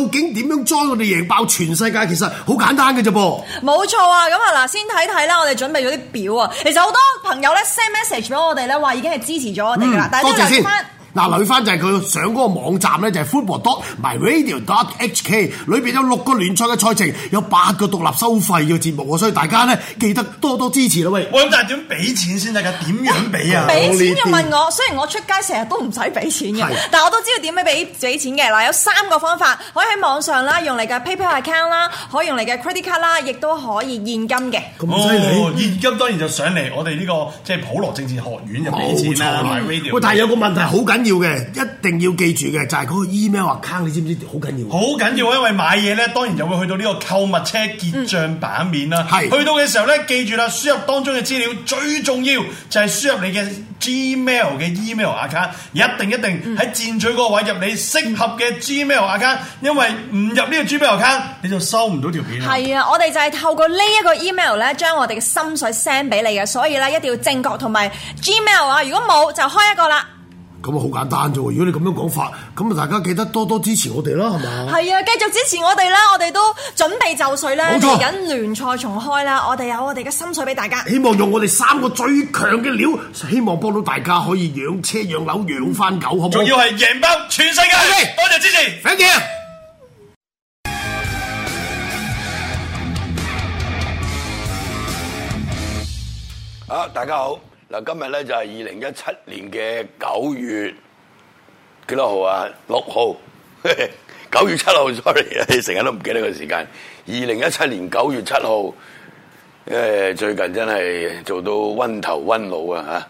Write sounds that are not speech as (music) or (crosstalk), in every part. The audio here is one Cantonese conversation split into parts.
究竟點樣裝我哋贏爆全世界？其實好簡單嘅啫噃，冇錯啊！咁啊嗱，先睇睇啦，我哋準備咗啲表啊。其實好多朋友咧 send message 俾我哋咧話已經係支持咗我哋㗎喇。多謝先。嗱，嚟翻就係、是、佢上嗰個網站咧，就係、是、football.myradio.hk 裏邊有六個聯賽嘅賽程，有八個獨立收費嘅節目喎，所以大家咧記得多多支持啦喂！我諗就點俾錢先得噶？點樣俾啊？俾錢就問我，雖然我出街成日都唔使俾錢嘅，是但係我都知道點樣俾俾錢嘅。嗱，有三個方法，可以喺網上啦，用你嘅 PayPal account 啦，可以用你嘅 credit card 啦，亦都可以現金嘅。咁犀利！現金當然就上嚟我哋呢個即係普羅政治學院就俾錢啦，myradio。錯嗯、但係有個問題好緊。 (laughs) 要嘅，一定要記住嘅就係、是、嗰個 email account，你知唔知好緊要？好緊要，因為買嘢咧，當然就會去到呢個購物車結賬版面啦。係、嗯、去到嘅時候咧，記住啦，輸入當中嘅資料最重要就係輸入你嘅 gmail 嘅 email account，一定一定喺箭嘴個位入你適合嘅 gmail account，因為唔入呢個 gmail account 你就收唔到條片。係啊，我哋就係透過呢一個 email 咧，將我哋嘅心水 send 俾你嘅，所以咧一定要正確同埋 gmail 啊，如果冇就開一個啦。咁啊好簡單啫喎！如果你咁樣講法，咁啊大家記得多多支持我哋啦，係嘛？係啊，繼續支持我哋啦！我哋都準備就緒咧，嚟緊聯賽重開啦，我哋有我哋嘅心水俾大家。希望用我哋三個最強嘅料，希望幫到大家可以養車、養樓、養翻狗，好唔好？仲要係贏爆全世界！多謝支持，thank you。啊，大家好。嗱，今日咧就係二零一七年嘅九月幾多號啊？六號，九月七號，sorry，你成日都唔記得個時間。二零一七年九月七號，誒最近真係做到温頭温腦啊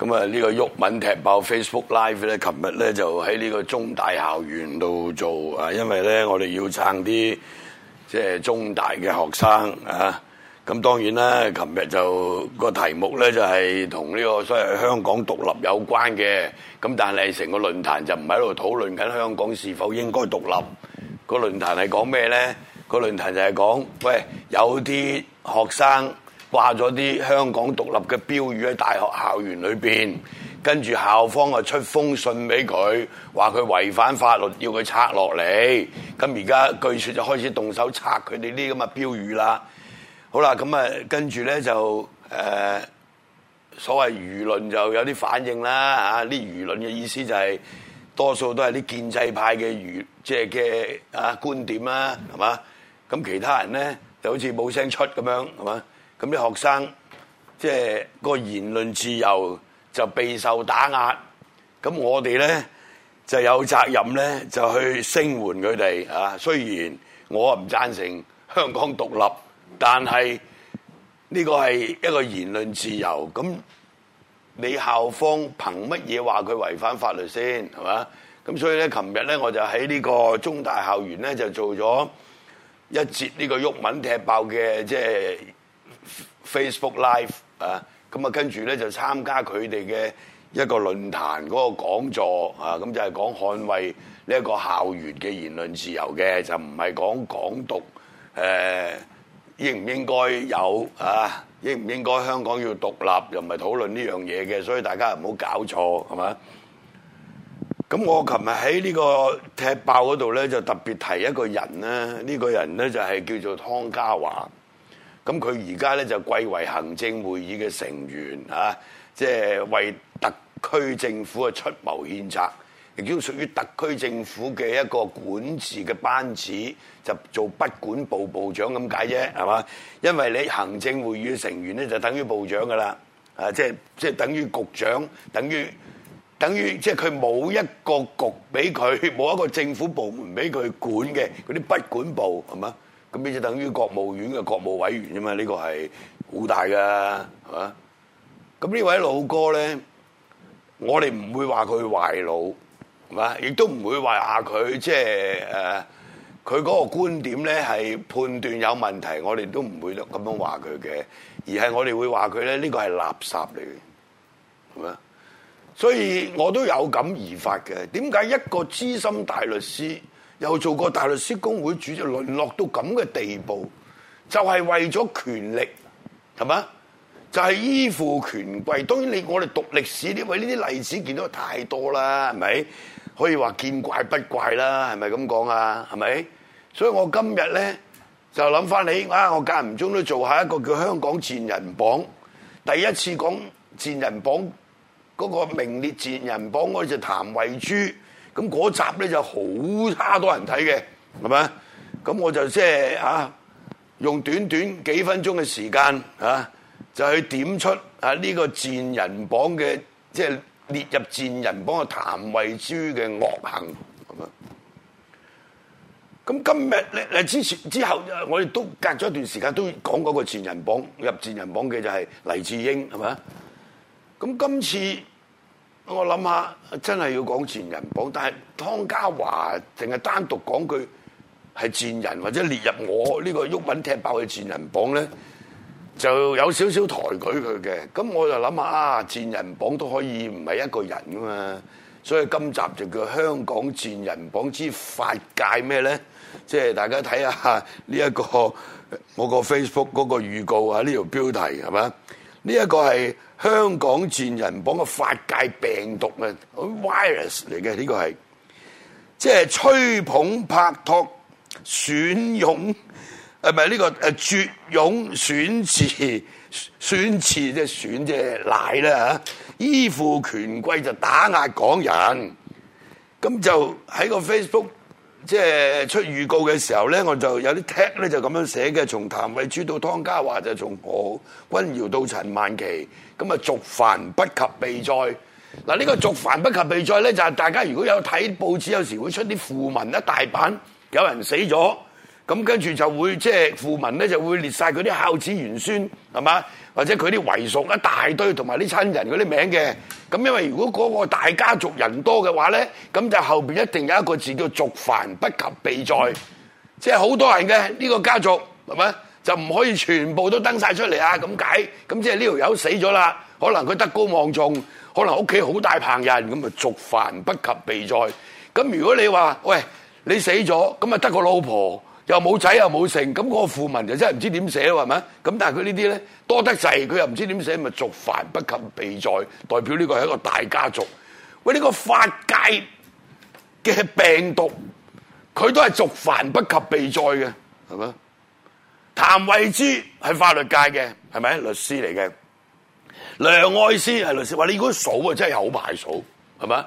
嚇！咁啊呢個毓民踢爆 Facebook Live 咧，琴日咧就喺呢個中大校園度做啊，因為咧我哋要撐啲即係中大嘅學生啊。咁當然啦，琴日就個題目呢就係同呢個所謂香港獨立有關嘅。咁但係成個論壇就唔喺度討論緊香港是否應該獨立。個論壇係講咩呢？個論壇就係講，喂，有啲學生掛咗啲香港獨立嘅標語喺大學校園裏邊，跟住校方啊出封信俾佢，話佢違反法律，要佢拆落嚟。咁而家據説就開始動手拆佢哋啲咁嘅標語啦。好啦，咁啊，跟住咧就誒所謂輿論就有啲反應啦。啊，啲輿論嘅意思就係多數都係啲建制派嘅輿即係嘅啊觀點啦，係嘛？咁其他人咧就好似冇聲出咁樣，係嘛？咁啲學生即係個言論自由就備受打壓。咁我哋咧就有責任咧就去聲援佢哋啊。雖然我唔贊成香港獨立。但係呢個係一個言論自由，咁你校方憑乜嘢話佢違反法律先係嘛？咁所以咧，琴日咧我就喺呢個中大校園咧就做咗一節呢個毓民踢爆嘅即係、就是、Facebook Live 啊，咁啊跟住咧就參加佢哋嘅一個論壇嗰個講座啊，咁就係、是、講捍衞呢一個校園嘅言論自由嘅，就唔係講港獨誒。呃應唔應該有啊？應唔應該香港要獨立，又唔係討論呢樣嘢嘅，所以大家唔好搞錯，係嘛？咁我琴日喺呢個踢爆嗰度咧，就特別提一個人咧。呢個人咧就係叫做湯家驊。咁佢而家咧就貴為行政會議嘅成員啊，即係為特區政府嘅出謀獻策。亦都屬於特區政府嘅一個管治嘅班子，就做不管部部長咁解啫，係嘛？因為你行政會議嘅成員咧，就等於部長噶啦，啊，即係即係等於局長，等於等於即係佢冇一個局俾佢，冇一個政府部門俾佢管嘅嗰啲不管部，係嘛？咁呢就等於國務院嘅國務委員吖嘛，呢個係好大噶，係嘛？咁呢位老哥咧，我哋唔會話佢壞腦。係嘛？亦都唔會話佢即係誒，佢、呃、嗰個觀點咧係判斷有問題，我哋都唔會咁樣話佢嘅，而係我哋會話佢咧，呢個係垃圾嚟嘅，係嘛？所以我都有感而發嘅。點解一個資深大律師又做過大律師公會主席，淪落到咁嘅地步，就係、是、為咗權力，係嘛？就係依附權貴，當然你我哋讀歷史呢位呢啲例子見到太多啦，係咪？可以話見怪不怪啦，係咪咁講啊？係咪？所以我今日咧就諗翻起。啊，我間唔中都做下一個叫香港賤人榜，第一次講賤人榜嗰、那個名列賤人榜嗰就是、譚慧珠，咁嗰集咧就好差多人睇嘅，係咪？咁我就即、就、係、是、啊，用短短幾分鐘嘅時間啊～就去點出啊呢個賤人榜嘅，即係列入賤人榜嘅譚慧珠嘅惡行咁樣。咁今日咧，之前之後我哋都隔咗一段時間都講嗰個賤人榜，入賤人榜嘅就係黎智英，係咪？咁今次我諗下真係要講賤人榜，但係湯家驊淨係單獨講句係賤人，或者列入我呢個毓民踢爆嘅賤人榜咧？就有少少抬舉佢嘅，咁我就諗下啊，賤人榜都可以唔係一個人㗎嘛，所以今集就叫《香港賤人榜之法界咩咧》呢，即係大家睇下呢一個我個 Facebook 嗰、這個預告啊，呢條標題係咪？呢一、這個係香港賤人榜嘅法界病毒啊，好 virus 嚟嘅呢個係，即係吹捧拍托、吮癰。誒咪呢個誒絕、啊、勇選詞選詞即係選即係奶啦嚇！依附權貴就打壓港人，咁就喺個 Facebook 即係出預告嘅時候咧，我就有啲 t 帖咧就咁樣寫嘅，從譚慧珠到湯家驊就從何君堯到陳曼琪，咁啊族繁不及備載。嗱呢個族繁不及備載咧，就係、是、大家如果有睇報紙，有時會出啲訃聞一大版有人死咗。咁跟住就會即係訃聞咧，就會列晒佢啲孝子賢孫，係嘛？或者佢啲遺屬一大堆，同埋啲親人嗰啲名嘅。咁因為如果嗰個大家族人多嘅話咧，咁就後邊一定有一個字叫「族繁不及備載」。即係好多人嘅呢個家族係咪？就唔可以全部都登晒出嚟啊！咁解咁即係呢條友死咗啦，可能佢德高望重，可能屋企好大棚人，咁啊「族繁不及備載」。咁如果你話喂你死咗，咁啊得個老婆。又冇仔又冇剩，咁、那、嗰個富民就真係唔知點寫喎，係咪？咁但係佢呢啲咧多得滯，佢又唔知點寫，咪族繁不及備載，代表呢個係一個大家族。喂，呢、這個法界嘅病毒，佢都係族繁不及備載嘅，係咪？譚慧珠係法律界嘅，係咪？律師嚟嘅，梁愛詩係律師，話你應該數啊，真係好排數，係咪？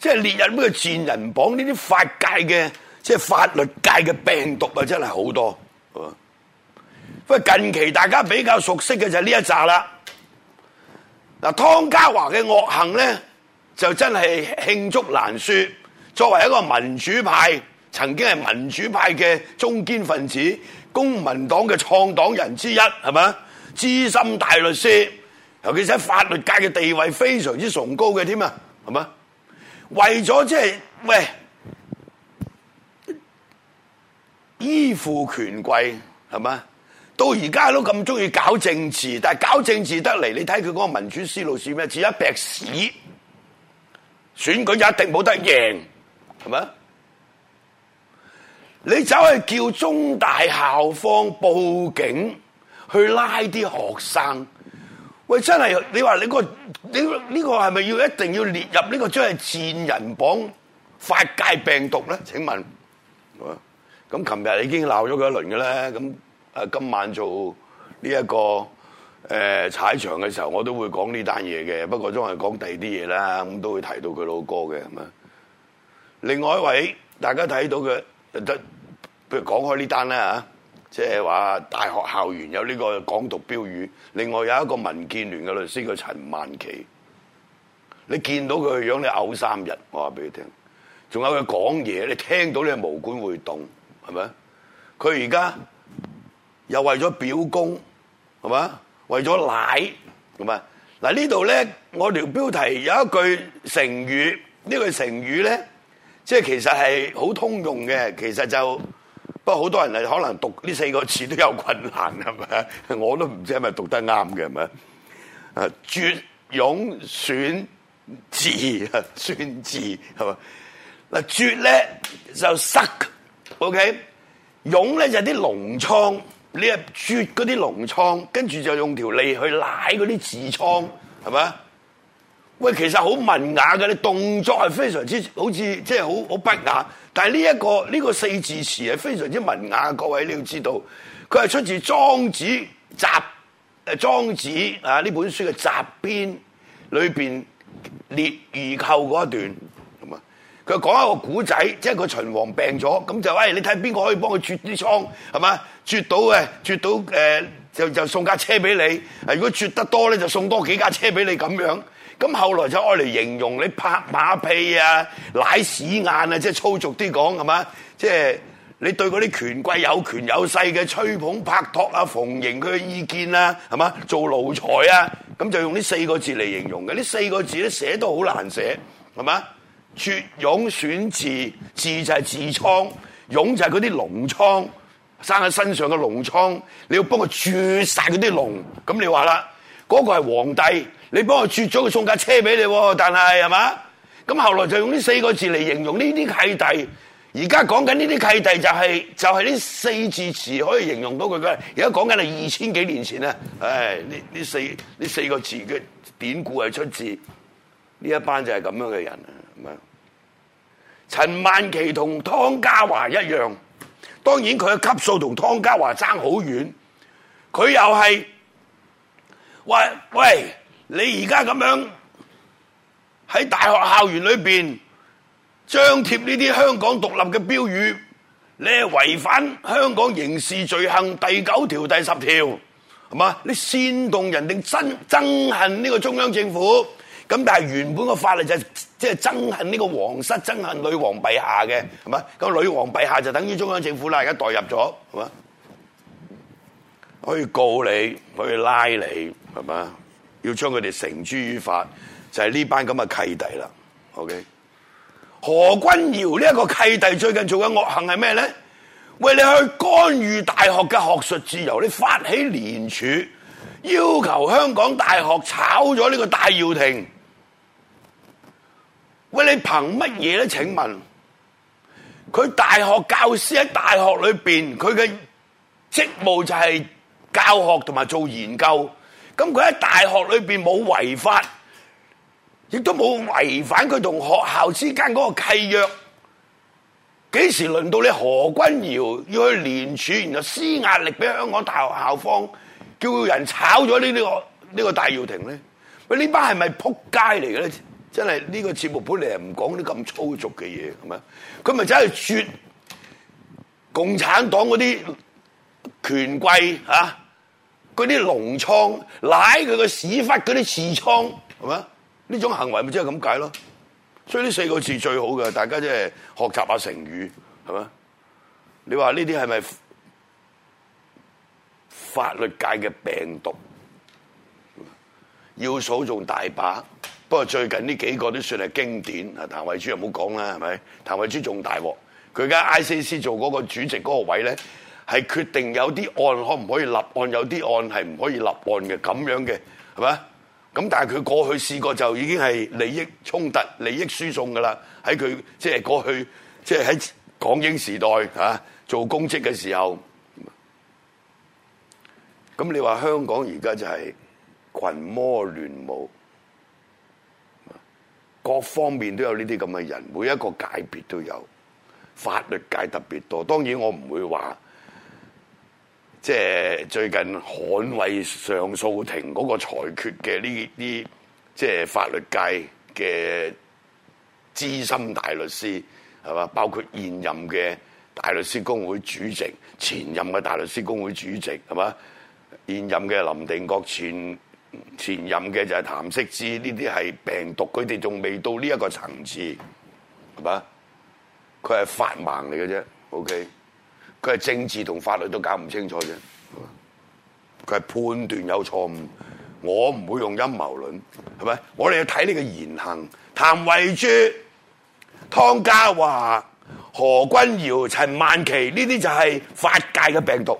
即、就、係、是、列入呢個賤人榜呢啲法界嘅。即係法律界嘅病毒啊，真係好多。不過近期大家比較熟悉嘅就係呢一集啦。嗱，湯家驊嘅惡行咧，就真係罄竹難書。作為一個民主派，曾經係民主派嘅中堅分子，公民黨嘅創黨人之一，係咪？資深大律師，尤其是喺法律界嘅地位非常之崇高嘅添啊，係咪？為咗即係喂。依附權貴係嘛，到而家都咁中意搞政治，但係搞政治得嚟，你睇佢嗰個民主思路是咩？只一撇屎，選舉一定冇得贏，係嘛？你走去叫中大校方報警去拉啲學生，喂，真係你話你個你呢、呢個係咪要一定要列入呢個即係賤人榜、法界病毒咧？請問。咁琴日已經鬧咗佢一輪嘅咧，咁誒今晚做呢、這、一個誒、呃、踩場嘅時候，我都會講呢單嘢嘅。不過仲係講第二啲嘢啦，咁都會提到佢老哥嘅。係咪？另外一位大家睇到佢嘅，不如講開呢單啦嚇，即係話大學校園有呢個港獨標語。另外有一個民建聯嘅律師叫陳萬琪。你見到佢嘅樣，你、呃、嘔三日。我話俾你聽，仲有佢講嘢，你聽到你五官會動。係咪？佢而家又為咗表功，係咪？為咗奶，係咪？嗱，呢度咧，我條標題有一句成語，呢句成語咧，即係其實係好通用嘅。其實就不過好多人係可能讀呢四個字都有困難，係咪？我都唔知係咪讀得啱嘅，係咪？啊，吮癰舐痔啊，舐痔係嘛？嗱， (laughs) 吮咧就塞。O K，癰咧就係啲膿瘡，你啊啜嗰啲膿瘡，跟住就用條脷去舐嗰啲痔瘡，係咪？喂，其實好文雅嘅，你動作係非常之好似即係好好不雅，但係呢一個呢、呢個四字詞係非常之文雅，各位你要知道，佢係出自《莊子》雜誒，《莊子》啊呢本書嘅雜篇裏邊列禦寇嗰一段。佢講一個古仔，即係個秦王病咗，咁就誒，你睇邊個可以幫佢吮啲瘡，係嘛？吮到嘅，吮到誒、呃，就就送架車俾你。如果吮得多咧，就送多幾架車俾你咁樣。咁後來就開嚟形容你拍馬屁啊、舐屎眼啊，即係粗俗啲講，係嘛？即係你對嗰啲權貴有權有勢嘅吹捧拍托啊、逢迎佢嘅意見啊，係嘛？做奴才啊，咁就用呢四個字嚟形容嘅。呢四個字咧寫都好難寫，係嘛？吮癰舐痔，痔就係痔瘡，癰就係嗰啲膿瘡，生喺身上嘅膿瘡，你要幫佢吮晒嗰啲膿。咁你話啦，嗰、嗰個係皇帝，你幫佢吮咗佢送架車俾你，但係，係嘛？咁後來就用呢四個字嚟形容呢啲契弟。而家講緊呢啲契弟就係、是、就係、是、呢四字詞可以形容到佢嘅。而家講緊係二千幾年前咧，誒，呢呢四呢四個字嘅典故係出自呢一班就係咁樣嘅人。陳曼琪同湯家驊一樣，當然佢嘅級數同湯家驊差好遠，佢又係話：喂，你而家咁樣喺大學校園裏邊張貼呢啲香港獨立嘅標語，你係違反香港刑事罪行第九條、第十條，係嘛？你煽動人哋憎憎恨呢個中央政府，咁但係原本個法律就係、是。即係憎恨呢個皇室，憎恨女皇陛下嘅，係嘛？咁女皇陛下就等於中央政府啦，而家代入咗係嘛？可以告你，可以拉你係嘛？要將佢哋繩諸於法，就係、是、呢班咁嘅契弟啦。OK，何君堯呢一個契弟最近做緊惡行係咩咧？喂，你去干預大學嘅學術自由，你發起聯署，要求香港大學炒咗呢個戴耀廷。喂，你憑乜嘢咧？請問佢大學教師喺大學裏邊，佢嘅職務就係教學同埋做研究。咁佢喺大學裏邊冇違法，亦都冇違反佢同學校之間嗰個契約。幾時輪到你何君堯要去聯署，然後施壓力俾香港大學校方，叫人炒咗、呢個呢個、呢？呢個呢個戴耀廷咧？喂，呢班係咪撲街嚟嘅咧？真係呢個節目本嚟唔講啲咁粗俗嘅嘢，係咪？佢咪真係吮共產黨嗰啲權貴啊，嗰啲癰瘡，舐佢個屎忽，嗰啲痔瘡，係咪？呢種行為咪即係咁解咯？所以呢四個字最好嘅，大家即係學習下成語，係咪？你話呢啲係咪法律界嘅病毒？要數仲大把。不過最近呢幾個都算係經典，啊，譚慧珠又冇講啦，係咪？譚慧珠仲大鑊，佢而家 ICAC 做嗰個主席嗰個位咧，係決定有啲案可唔可以立案，有啲案係唔可以立案嘅咁樣嘅，係咪？咁但係佢過去試過就已經係利益衝突、利益輸送噶啦，喺佢即係過去即係喺港英時代嚇做公職嘅時候，咁你話香港而家就係群魔亂舞。各方面都有呢啲咁嘅人，每一個界別都有，法律界特別多。當然我唔會話，即係最近捍衛上訴庭嗰個裁決嘅呢啲，即係法律界嘅資深大律師，係嘛？包括現任嘅大律師公會主席、前任嘅大律師公會主席係嘛？現任嘅林定國。前。前任嘅就係譚色志，呢啲係病毒，佢哋仲未到呢一個層次，係嘛？佢係法盲嚟嘅啫，OK，佢係政治同法律都搞唔清楚啫，佢係判斷有錯誤。我唔會用陰謀論，係咪？我哋要睇你嘅言行。譚慧珠、湯家驊、何君堯、陳曼琪，呢啲就係法界嘅病毒。